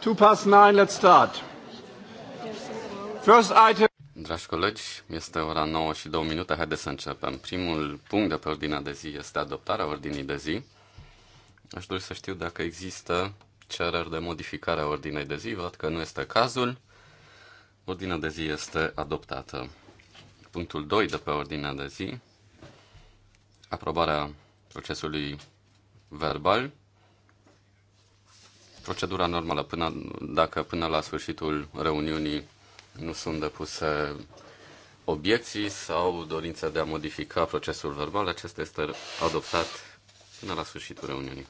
Two past let's start. First item. Dragi colegi, este ora 9 și 2 minute, haideți să începem. Primul punct de pe ordinea de zi este adoptarea ordinii de zi. Aș dori să știu dacă există cereri de modificare a ordinei de zi, văd că nu este cazul. Ordinea de zi este adoptată. Punctul 2 de pe ordinea de zi, aprobarea procesului verbal procedura normală, până, dacă până la sfârșitul reuniunii nu sunt depuse obiecții sau dorința de a modifica procesul verbal, acesta este adoptat până la sfârșitul reuniunii.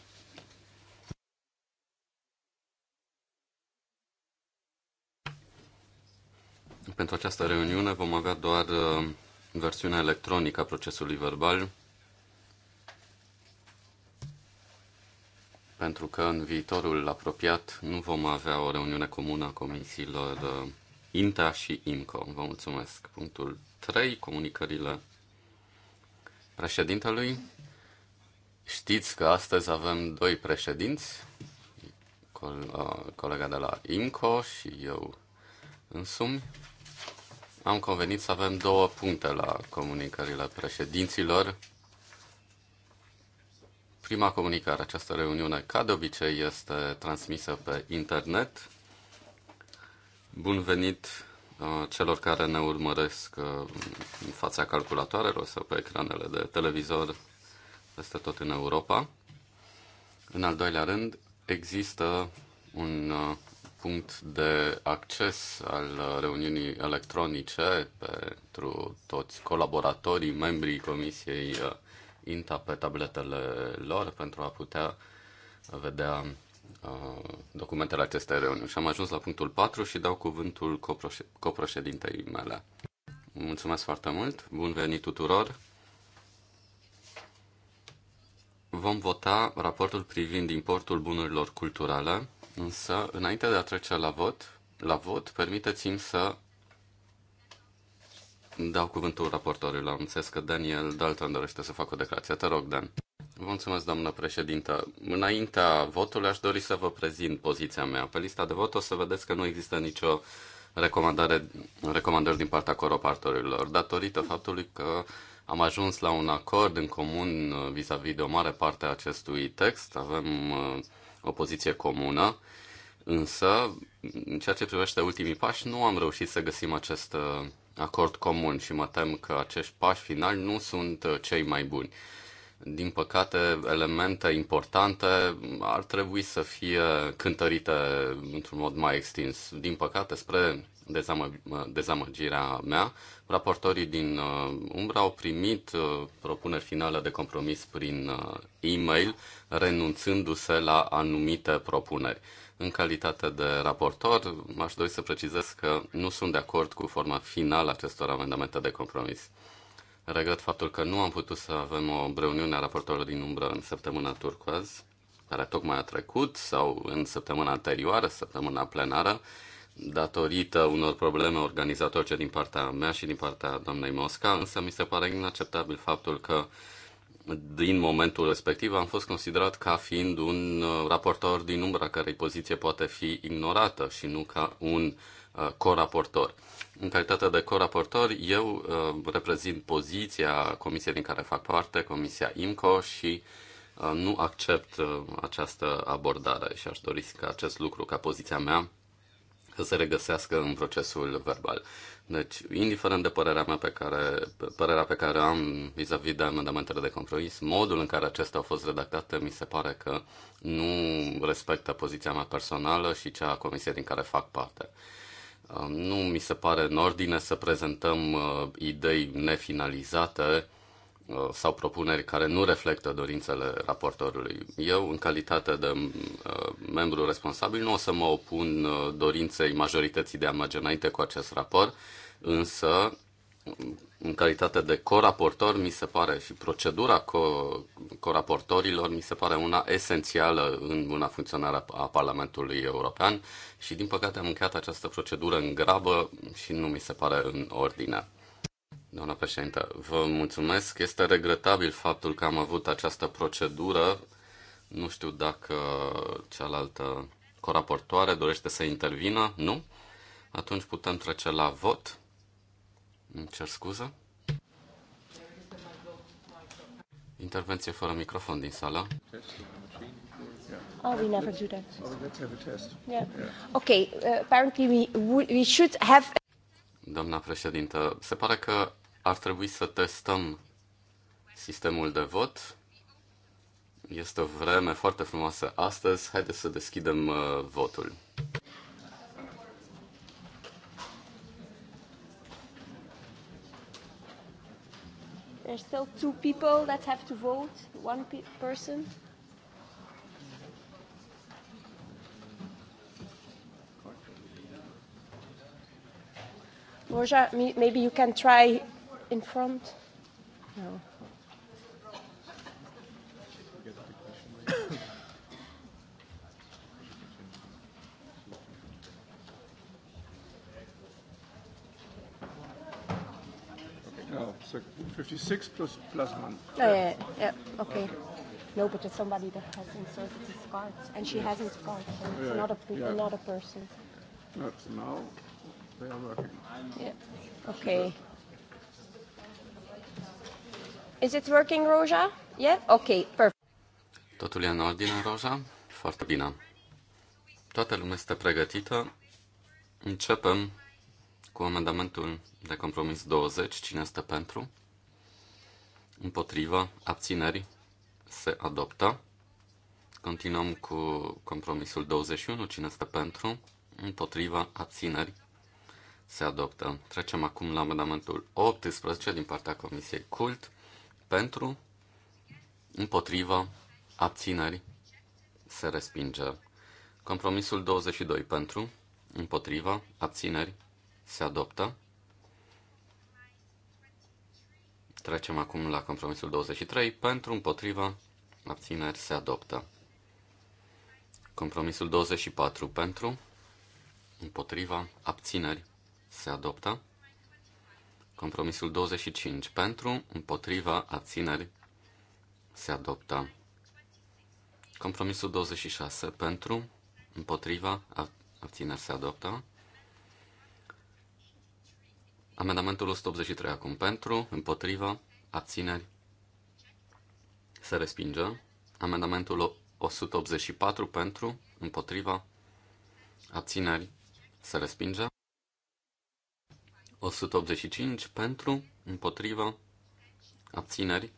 Pentru această reuniune vom avea doar uh, versiunea electronică a procesului verbal pentru că în viitorul apropiat nu vom avea o reuniune comună a comisiilor uh, INTA și INCO. Vă mulțumesc. Punctul 3, comunicările președintelui. Știți că astăzi avem doi președinți, uh, colega de la INCO și eu însumi. Am convenit să avem două puncte la comunicările președinților Prima comunicare, această reuniune, ca de obicei, este transmisă pe internet. Bun venit uh, celor care ne urmăresc uh, în fața calculatoarelor sau pe ecranele de televizor peste tot în Europa. În al doilea rând, există un uh, punct de acces al reuniunii electronice pentru toți colaboratorii, membrii Comisiei INTA pe tabletele lor pentru a putea vedea uh, documentele acestei reuniuni. Și am ajuns la punctul 4 și dau cuvântul coproședintei mele. Mulțumesc foarte mult, bun venit tuturor! Vom vota raportul privind importul bunurilor culturale, însă înainte de a trece la vot, la vot permiteți-mi să Dau cuvântul raportorilor. Am înțeles că Daniel Dalton dorește să facă o declarație. Te rog, Dan. Vă mulțumesc, doamnă președintă. Înaintea votului aș dori să vă prezint poziția mea. Pe lista de vot o să vedeți că nu există nicio recomandare, recomandări din partea coropartorilor, datorită faptului că am ajuns la un acord în comun vis-a-vis -vis de o mare parte a acestui text. Avem uh, o poziție comună, însă, în ceea ce privește ultimii pași, nu am reușit să găsim acest uh, acord comun și mă tem că acești pași finali nu sunt uh, cei mai buni. Din păcate, elemente importante ar trebui să fie cântărite într-un mod mai extins. Din păcate, spre dezamă, dezamăgirea mea. Raportorii din uh, Umbra au primit uh, propuneri finale de compromis prin uh, e-mail, renunțându-se la anumite propuneri. În calitate de raportor, m-aș dori să precizez că nu sunt de acord cu forma finală acestor amendamente de compromis. Regret faptul că nu am putut să avem o reuniune a raportorilor din umbră în săptămâna turcoaz, care tocmai a trecut, sau în săptămâna anterioară, săptămâna plenară, datorită unor probleme organizatorice din partea mea și din partea doamnei Mosca, însă mi se pare inacceptabil faptul că din momentul respectiv am fost considerat ca fiind un uh, raportor din umbra cărei poziție poate fi ignorată și nu ca un uh, coraportor. În calitate de coraportor, eu uh, reprezint poziția comisiei din care fac parte, Comisia IMCO și nu accept această abordare și aș dori ca acest lucru, ca poziția mea, să se regăsească în procesul verbal. Deci, indiferent de părerea mea pe care, părerea pe care am vis-a-vis -vis de amendamentele de compromis, modul în care acestea au fost redactate mi se pare că nu respectă poziția mea personală și cea a comisiei din care fac parte. Nu mi se pare în ordine să prezentăm uh, idei nefinalizate Uh, sau propuneri care nu reflectă dorințele raportorului. Eu, în calitate de uh, membru responsabil, nu o să mă opun uh, dorinței majorității de a merge înainte cu acest raport, însă, în calitate de coraportor, mi se pare și procedura co- coraportorilor mi se pare una esențială în buna funcționare a Parlamentului European și, din păcate, am încheiat această procedură în grabă și nu mi se pare în ordine. Doamna președintă, vă mulțumesc. Este regretabil faptul că am avut această procedură. Nu știu dacă cealaltă coraportoare dorește să intervină. Nu? Atunci putem trece la vot. Îmi cer scuză. Intervenție fără microfon din sală. Oh, we never do that. Oh, let's have a test. Yeah. yeah. Okay, uh, apparently we, we should have... Doamna președintă, se pare că ar trebui să testăm sistemul de vot. Este o vreme foarte frumoasă astăzi. Haideți să deschidem uh, votul. There's still two people that have to vote, one pe person. Borja, maybe you can try in front? No. so 56 plus plus one. Oh, yeah, yeah, okay. No, but it's somebody that has inserted his cards, and she hasn't so it's yeah, not a yeah. not a person. Not now. They are working. Yeah. Okay. Is it working, Roja? Yeah? Ok, perfect. Totul e în ordine, Roja? Foarte bine. Toată lumea este pregătită. Începem cu amendamentul de compromis 20. Cine este pentru? Împotriva? Abțineri? Se adoptă. Continuăm cu compromisul 21. Cine este pentru? Împotriva? Abțineri? Se adoptă. Trecem acum la amendamentul 18 din partea Comisiei Cult pentru, împotrivă, abțineri, se respinge. Compromisul 22 pentru, împotriva, abțineri, se adoptă. Trecem acum la compromisul 23. Pentru, împotriva, abțineri, se adoptă. Compromisul 24. Pentru, împotriva, abțineri, se adoptă. Compromisul 25 pentru, împotriva, abțineri se adoptă. Compromisul 26 pentru, împotriva, abțineri se adoptă. Amendamentul 183 acum pentru, împotriva, abțineri se respinge. Amendamentul 184 pentru, împotriva, abțineri se respinge. 185 pentru, împotriva, abțineri,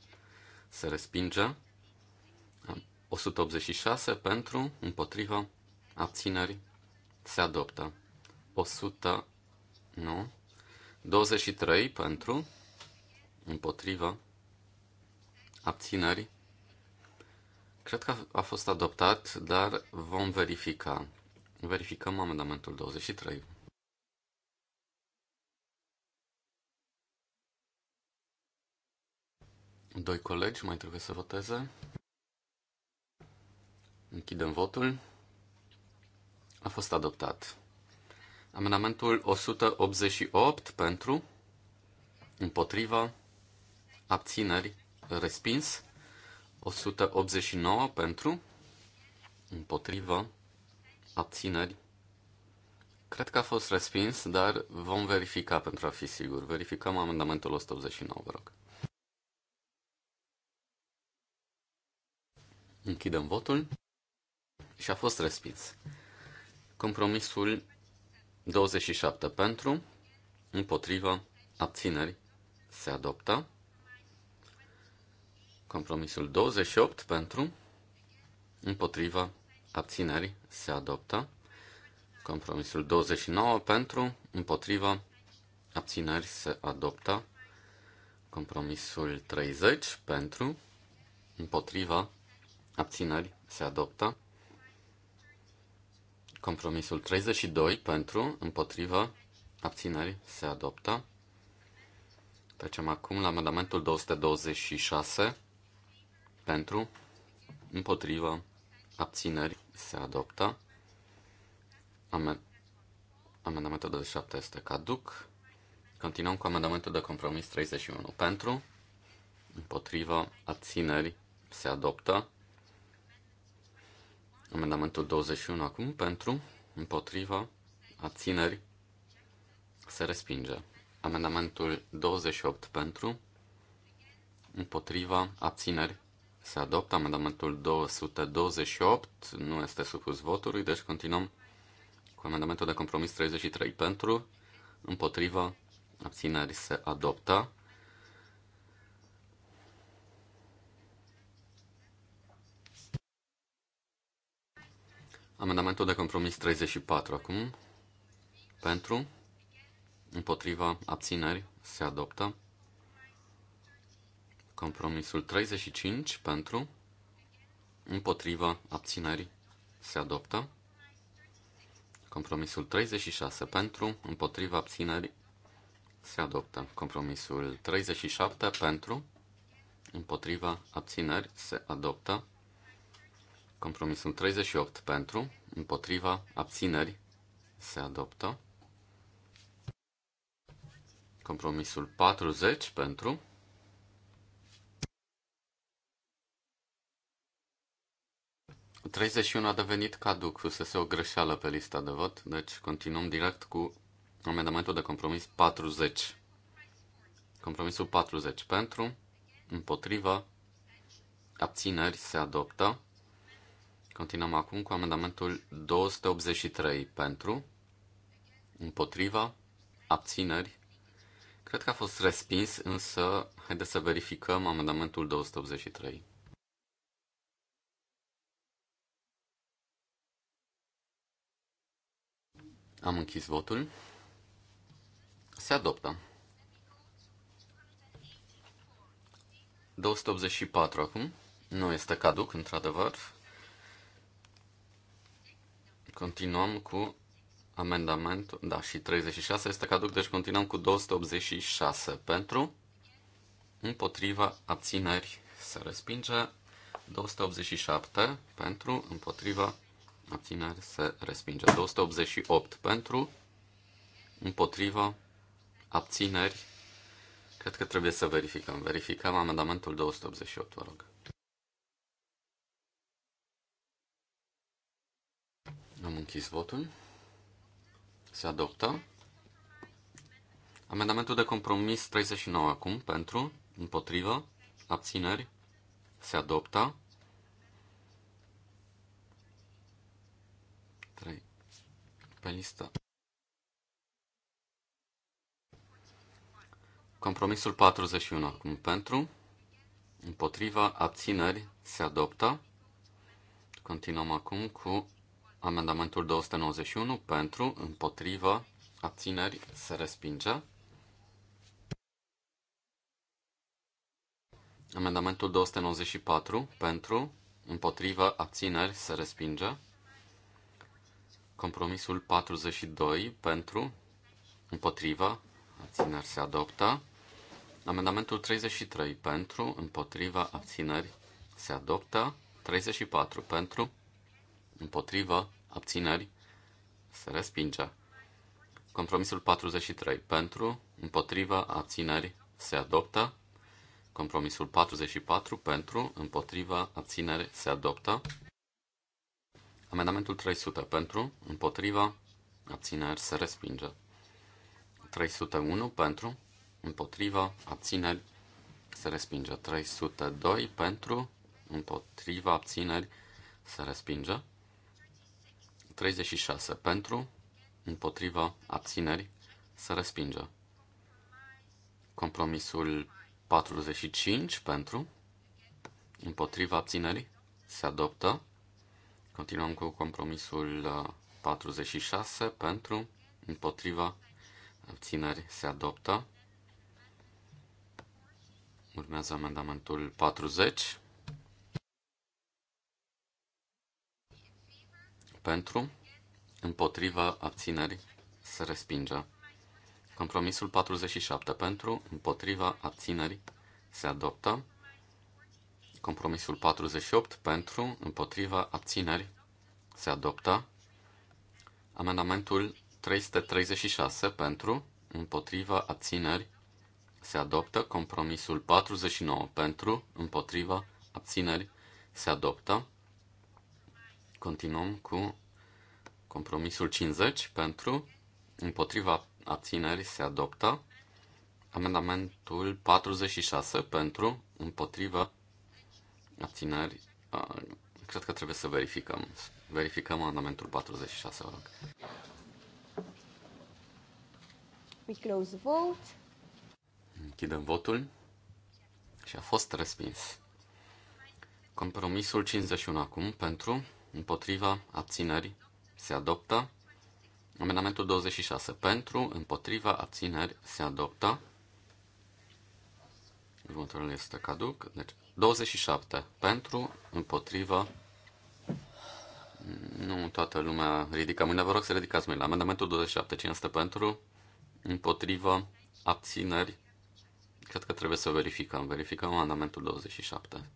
se respinge. 186 pentru, împotriva, abțineri, se adoptă. 100, nu, 23 pentru, împotriva, abțineri. Cred că a fost adoptat, dar vom verifica. Verificăm amendamentul 23. Doi colegi mai trebuie să voteze. Închidem votul. A fost adoptat. Amendamentul 188 pentru, împotriva, abțineri, respins. 189 pentru, împotriva, abțineri. Cred că a fost respins, dar vom verifica pentru a fi sigur. Verificăm amendamentul 189, vă rog. Închidem votul. Și a fost respins. Compromisul 27 pentru, împotrivă, abțineri, se adoptă. Compromisul 28 pentru, împotrivă, abțineri, se adoptă. Compromisul 29 pentru, împotrivă, abțineri, se adoptă. Compromisul 30 pentru, împotriva, abțineri, se adoptă. Compromisul 32 pentru, împotrivă, abțineri, se adoptă. Trecem acum la amendamentul 226 pentru, împotrivă, abțineri, se adoptă. Amen amendamentul 27 este caduc. Continuăm cu amendamentul de compromis 31 pentru, împotrivă, abțineri, se adoptă. Amendamentul 21 acum pentru, împotriva, abțineri, se respinge. Amendamentul 28 pentru, împotriva, abțineri, se adoptă. Amendamentul 228 nu este supus votului, deci continuăm cu amendamentul de compromis 33 pentru, împotriva, abțineri, se adoptă. Amendamentul de compromis 34 acum. Pentru, împotriva, abțineri, se adoptă. Compromisul 35 pentru, împotriva, abțineri, se adoptă. Compromisul 36 pentru, împotriva, abțineri, se adoptă. Compromisul 37 pentru, împotriva, abțineri, se adoptă. Compromisul 38 pentru, împotriva, abțineri, se adoptă. Compromisul 40 pentru, Treizeci 31 a devenit caduc, fusese o greșeală pe lista de vot, deci continuăm direct cu amendamentul de compromis 40. Compromisul 40 pentru, împotriva, abțineri se adoptă. Continuăm acum cu amendamentul 283 pentru, împotriva, abțineri. Cred că a fost respins, însă haideți să verificăm amendamentul 283. Am închis votul. Se adoptă. 284 acum. Nu este caduc, într-adevăr. Continuăm cu amendamentul, da, și 36 este caduc, deci continuăm cu 286 pentru, împotriva, abțineri, se respinge, 287 pentru, împotriva, abțineri, se respinge, 288 pentru, împotriva, abțineri, cred că trebuie să verificăm. Verificăm amendamentul 288, vă rog. Am închis votul. Se adoptă. Amendamentul de compromis 39 acum, pentru, împotrivă, abțineri, se adoptă. 3. Pe listă. Compromisul 41 acum, pentru, împotriva, abțineri, se adoptă. Continuăm acum cu Amendamentul 291 pentru, împotrivă, abțineri, se respinge. Amendamentul 294 pentru, împotrivă, abțineri, se respinge. Compromisul 42 pentru, împotrivă, abțineri, se adoptă. Amendamentul 33 pentru, împotriva, abțineri, se adoptă. 34 pentru, împotrivă, abțineri, se respinge. Compromisul 43 pentru, împotrivă, abțineri, se adoptă. Compromisul 44 pentru, împotrivă, abțineri, se adoptă. Amendamentul 300 pentru, împotrivă, abțineri, se respinge. 301 pentru, împotrivă, abțineri, se respinge. 302 pentru, împotrivă, abțineri, se respinge. 36 pentru, împotriva, abțineri, se respinge. Compromisul 45 pentru, împotriva abținerii, se adoptă. Continuăm cu compromisul 46 uh, pentru, împotriva abținerii, se adoptă. Urmează amendamentul 40 pentru, împotriva abțineri, se respinge. Compromisul 47 pentru, împotriva abțineri, se adoptă. Compromisul 48 pentru, împotriva abțineri, se adoptă. Amendamentul 336 pentru, împotriva abțineri, se adoptă. Compromisul 49 pentru, împotriva abțineri, se adoptă. Continuăm cu compromisul 50 pentru, împotriva abținerii se adoptă. Amendamentul 46 pentru, împotriva abținerii. Cred că trebuie să verificăm. Verificăm amendamentul 46, vă rog. We close vote. Închidem votul și a fost respins. Compromisul 51 acum pentru împotriva, abțineri, se adoptă. Amendamentul 26 pentru, împotriva, abțineri, se adoptă. Următorul este caduc. Deci 27 pentru, împotriva, nu toată lumea ridică mâna, vă rog să ridicați mâna. Amendamentul 27, cine este pentru, împotriva, abțineri, cred că trebuie să verificăm. Verificăm amendamentul 27.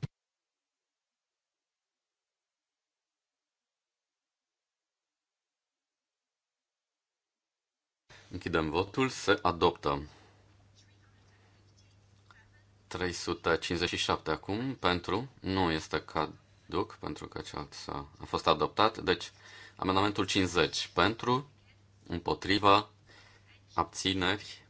Închidem votul. Se adoptă. 357 acum pentru. Nu este caduc pentru că cealaltă a a fost adoptat. Deci, amendamentul 50 pentru, împotriva, abțineri.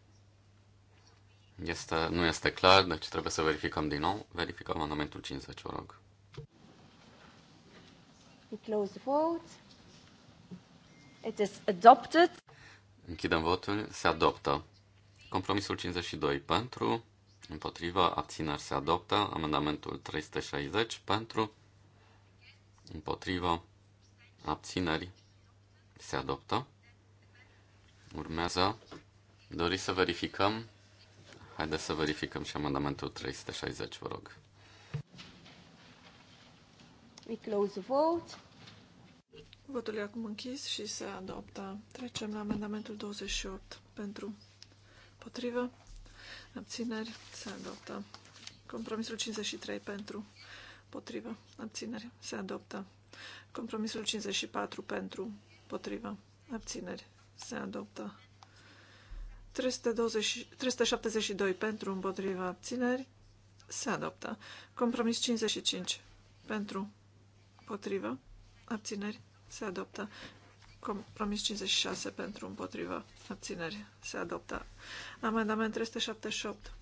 Este, nu este clar, deci trebuie să verificăm din nou. Verificăm amendamentul 50, vă rog. We close the vote. It is adopted. Închidem votul. Se adoptă. Compromisul 52 pentru. Împotriva. Abțineri se adoptă. Amendamentul 360 pentru. Împotriva. Abțineri se adoptă. Urmează. Doriți să verificăm? Haideți să verificăm și amendamentul 360, vă rog. We close the vote. Votul e acum închis și se adoptă. Trecem la amendamentul 28 pentru potrivă. Abțineri se adoptă. Compromisul 53 pentru potrivă. Abțineri se adoptă. Compromisul 54 pentru potrivă. Abțineri se adoptă. 320, 372 pentru împotriva abțineri se adoptă. Compromis 55 pentru potrivă abțineri se adoptă. Compromis 56 pentru împotrivă abțineri se adoptă. Amendament 378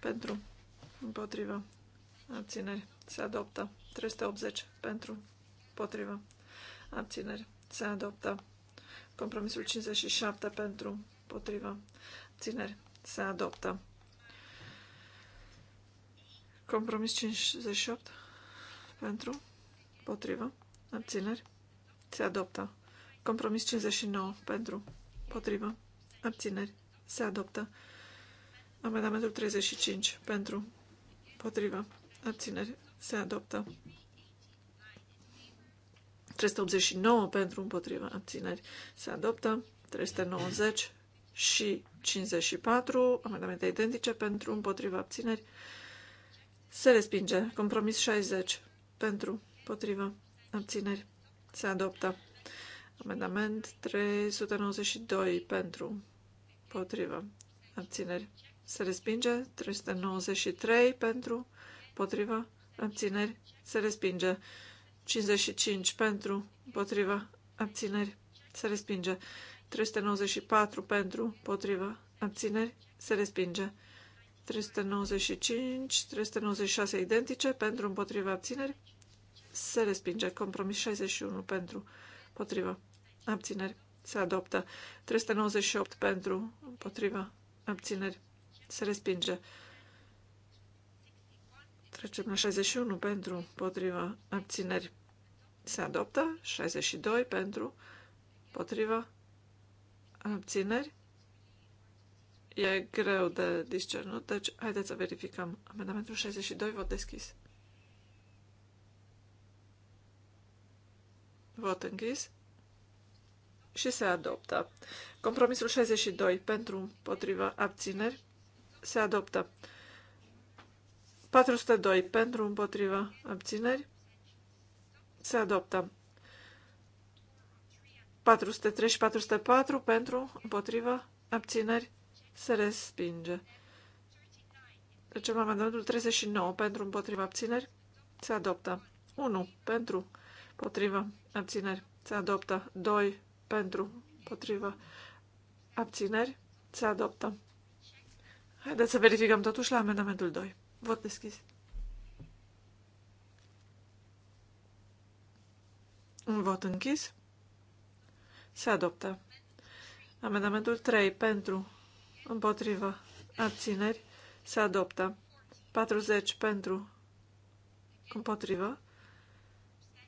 pentru împotrivă abțineri se adoptă. 380 pentru împotrivă abțineri se adoptă. Compromisul 57 pentru împotrivă abțineri se adoptă. Compromis 58 pentru, împotrivă abțineri, se adoptă. Compromis 59 pentru. Potrivă. Abțineri. Se adoptă. Amendamentul 35 pentru. Potrivă. Abțineri. Se adoptă. 389 pentru împotrivă, abțineri se adoptă, 390 și 54 amendamente identice pentru împotrivă, abțineri se respinge. Compromis 60 pentru potrivă abțineri se adoptă. Amendament 392 pentru. Potrivă. Abțineri. Se respinge. 393 pentru. Potrivă. Abțineri. Se respinge. 55 pentru. Potrivă. Abțineri. Se respinge. 394 pentru. Potrivă. Abțineri. Se respinge. 395, 396 identice pentru împotriva abțineri se respinge. Compromis 61 pentru, potrivă, abțineri, se adoptă. 398 pentru, potrivă, abțineri, se respinge. Trecem la 61 pentru, potrivă, abțineri, se adoptă. 62 pentru, potrivă, abțineri. E greu de discernut, deci haideți să verificăm. Amendamentul 62, vot deschis. Vot închis. Și se adoptă. Compromisul 62 pentru împotriva abțineri se adoptă. 402 pentru împotriva abțineri se adoptă. 403 și 404 pentru împotriva abțineri se respinge. Deci amendamentul 39 pentru împotriva abțineri se adoptă. 1 pentru Potrivă. Abțineri. Se adoptă. 2 pentru. Potrivă. Abțineri. Se adoptă. Haideți să verificăm totuși la amendamentul 2. Vot deschis. Un vot închis. Se adoptă. Amendamentul 3 pentru. Împotrivă. Abțineri. Se adoptă. 40 pentru. Împotrivă.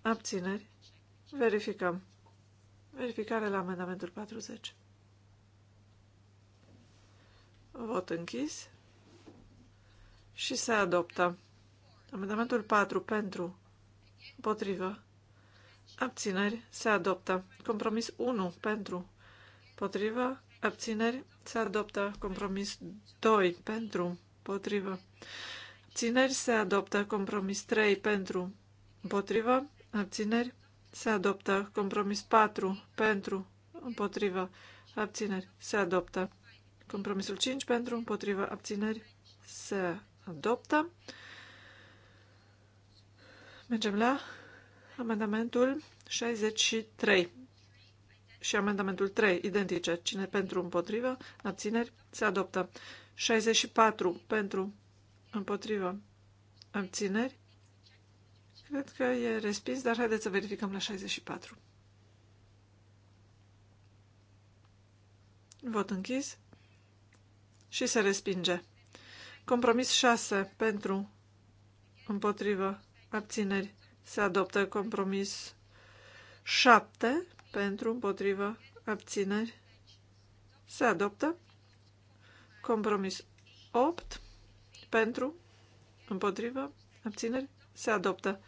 Abțineri. Verificăm. Verificare la amendamentul 40. Vot închis. Și se adoptă. Amendamentul 4 pentru. Potrivă. Abțineri. Se adoptă. Compromis 1 pentru. Potrivă. Abțineri. Se adoptă. Compromis 2 pentru. Potrivă. Abțineri. Se adoptă. Compromis 3 pentru. Împotrivă abțineri, se adoptă. Compromis 4 pentru, împotrivă, abțineri, se adoptă. Compromisul 5 pentru, împotrivă, abțineri, se adoptă. Mergem la amendamentul 63 și amendamentul 3, identice. Cine pentru, împotrivă, abțineri, se adoptă. 64 pentru, împotrivă, abțineri, Cred că e respins, dar haideți să verificăm la 64. Vot închis. Și se respinge. Compromis 6 pentru împotrivă abțineri. Se adoptă compromis 7 pentru împotrivă abțineri. Se adoptă compromis 8 pentru împotrivă abțineri. Se adoptă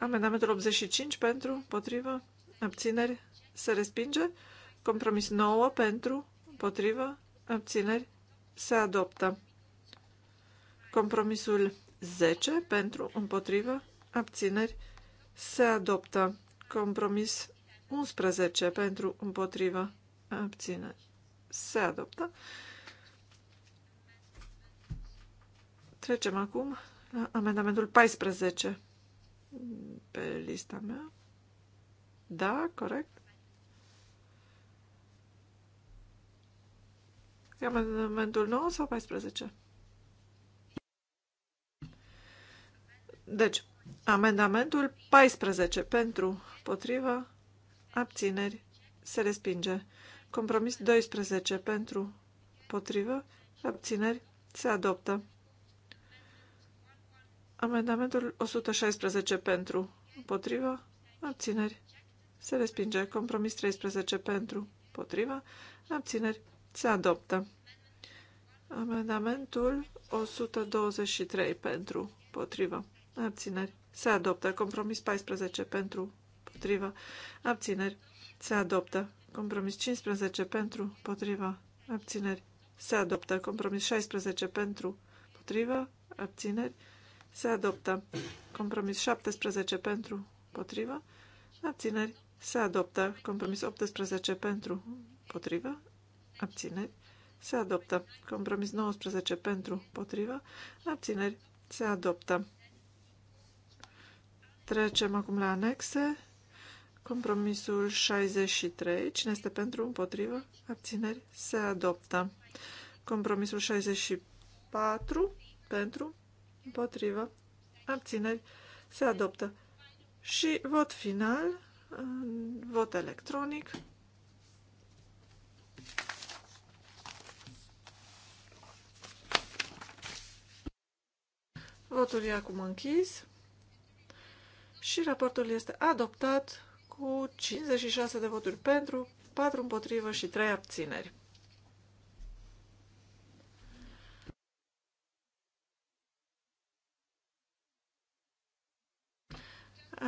Amendamentul 85 pentru, potrivă, abțineri, se respinge. Compromis 9 pentru, potrivă, abțineri, se adoptă. Compromisul 10 pentru, împotrivă, abțineri, se adoptă. Compromis 11 pentru, împotrivă, abțineri, se adoptă. Trecem acum la amendamentul 14 pe lista mea. Da, corect. E amendamentul 9 sau 14? Deci, amendamentul 14 pentru, potriva, abțineri, se respinge. Compromis 12 pentru, potrivă, abțineri, se adoptă. Amendamentul 116 pentru, împotriva, abțineri, se respinge. Compromis 13 pentru, împotriva, abțineri, se adoptă. Amendamentul 123 pentru, împotriva, abțineri, se adoptă. Compromis 14 pentru, împotriva, abțineri, se adoptă. Compromis 15 pentru, împotriva, abțineri, se adoptă. Compromis 16 pentru, împotriva, abțineri, se adoptă. Compromis 17 pentru, potrivă, abțineri, se adoptă. Compromis 18 pentru, potrivă, abțineri, se adoptă. Compromis 19 pentru, potrivă, abțineri, se adoptă. Trecem acum la anexe. Compromisul 63. Cine este pentru, împotrivă, abțineri, se adoptă. Compromisul 64. Pentru, împotrivă, abțineri, se adoptă. Și vot final, vot electronic. Votul e acum închis și raportul este adoptat cu 56 de voturi pentru, 4 împotrivă și 3 abțineri.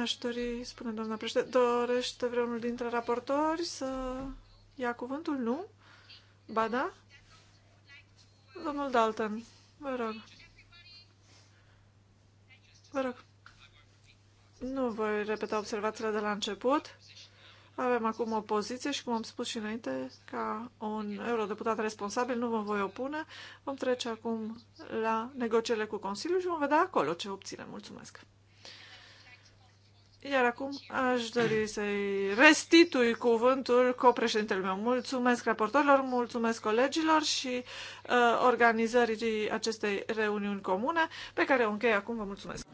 Aș dori, spune doamna președinte, dorește vreunul dintre raportori să ia cuvântul? Nu? Ba da? Domnul Dalton, vă rog. Vă rog. Nu voi repeta observațiile de la început. Avem acum o poziție și, cum am spus și înainte, ca un eurodeputat responsabil nu mă voi opune. Vom trece acum la negocierile cu Consiliul și vom vedea acolo ce obținem. Mulțumesc! Iar acum aș dori să-i restitui cuvântul copreședintele meu. Mulțumesc raportorilor, mulțumesc colegilor și uh, organizării acestei reuniuni comune, pe care o închei acum. Vă mulțumesc!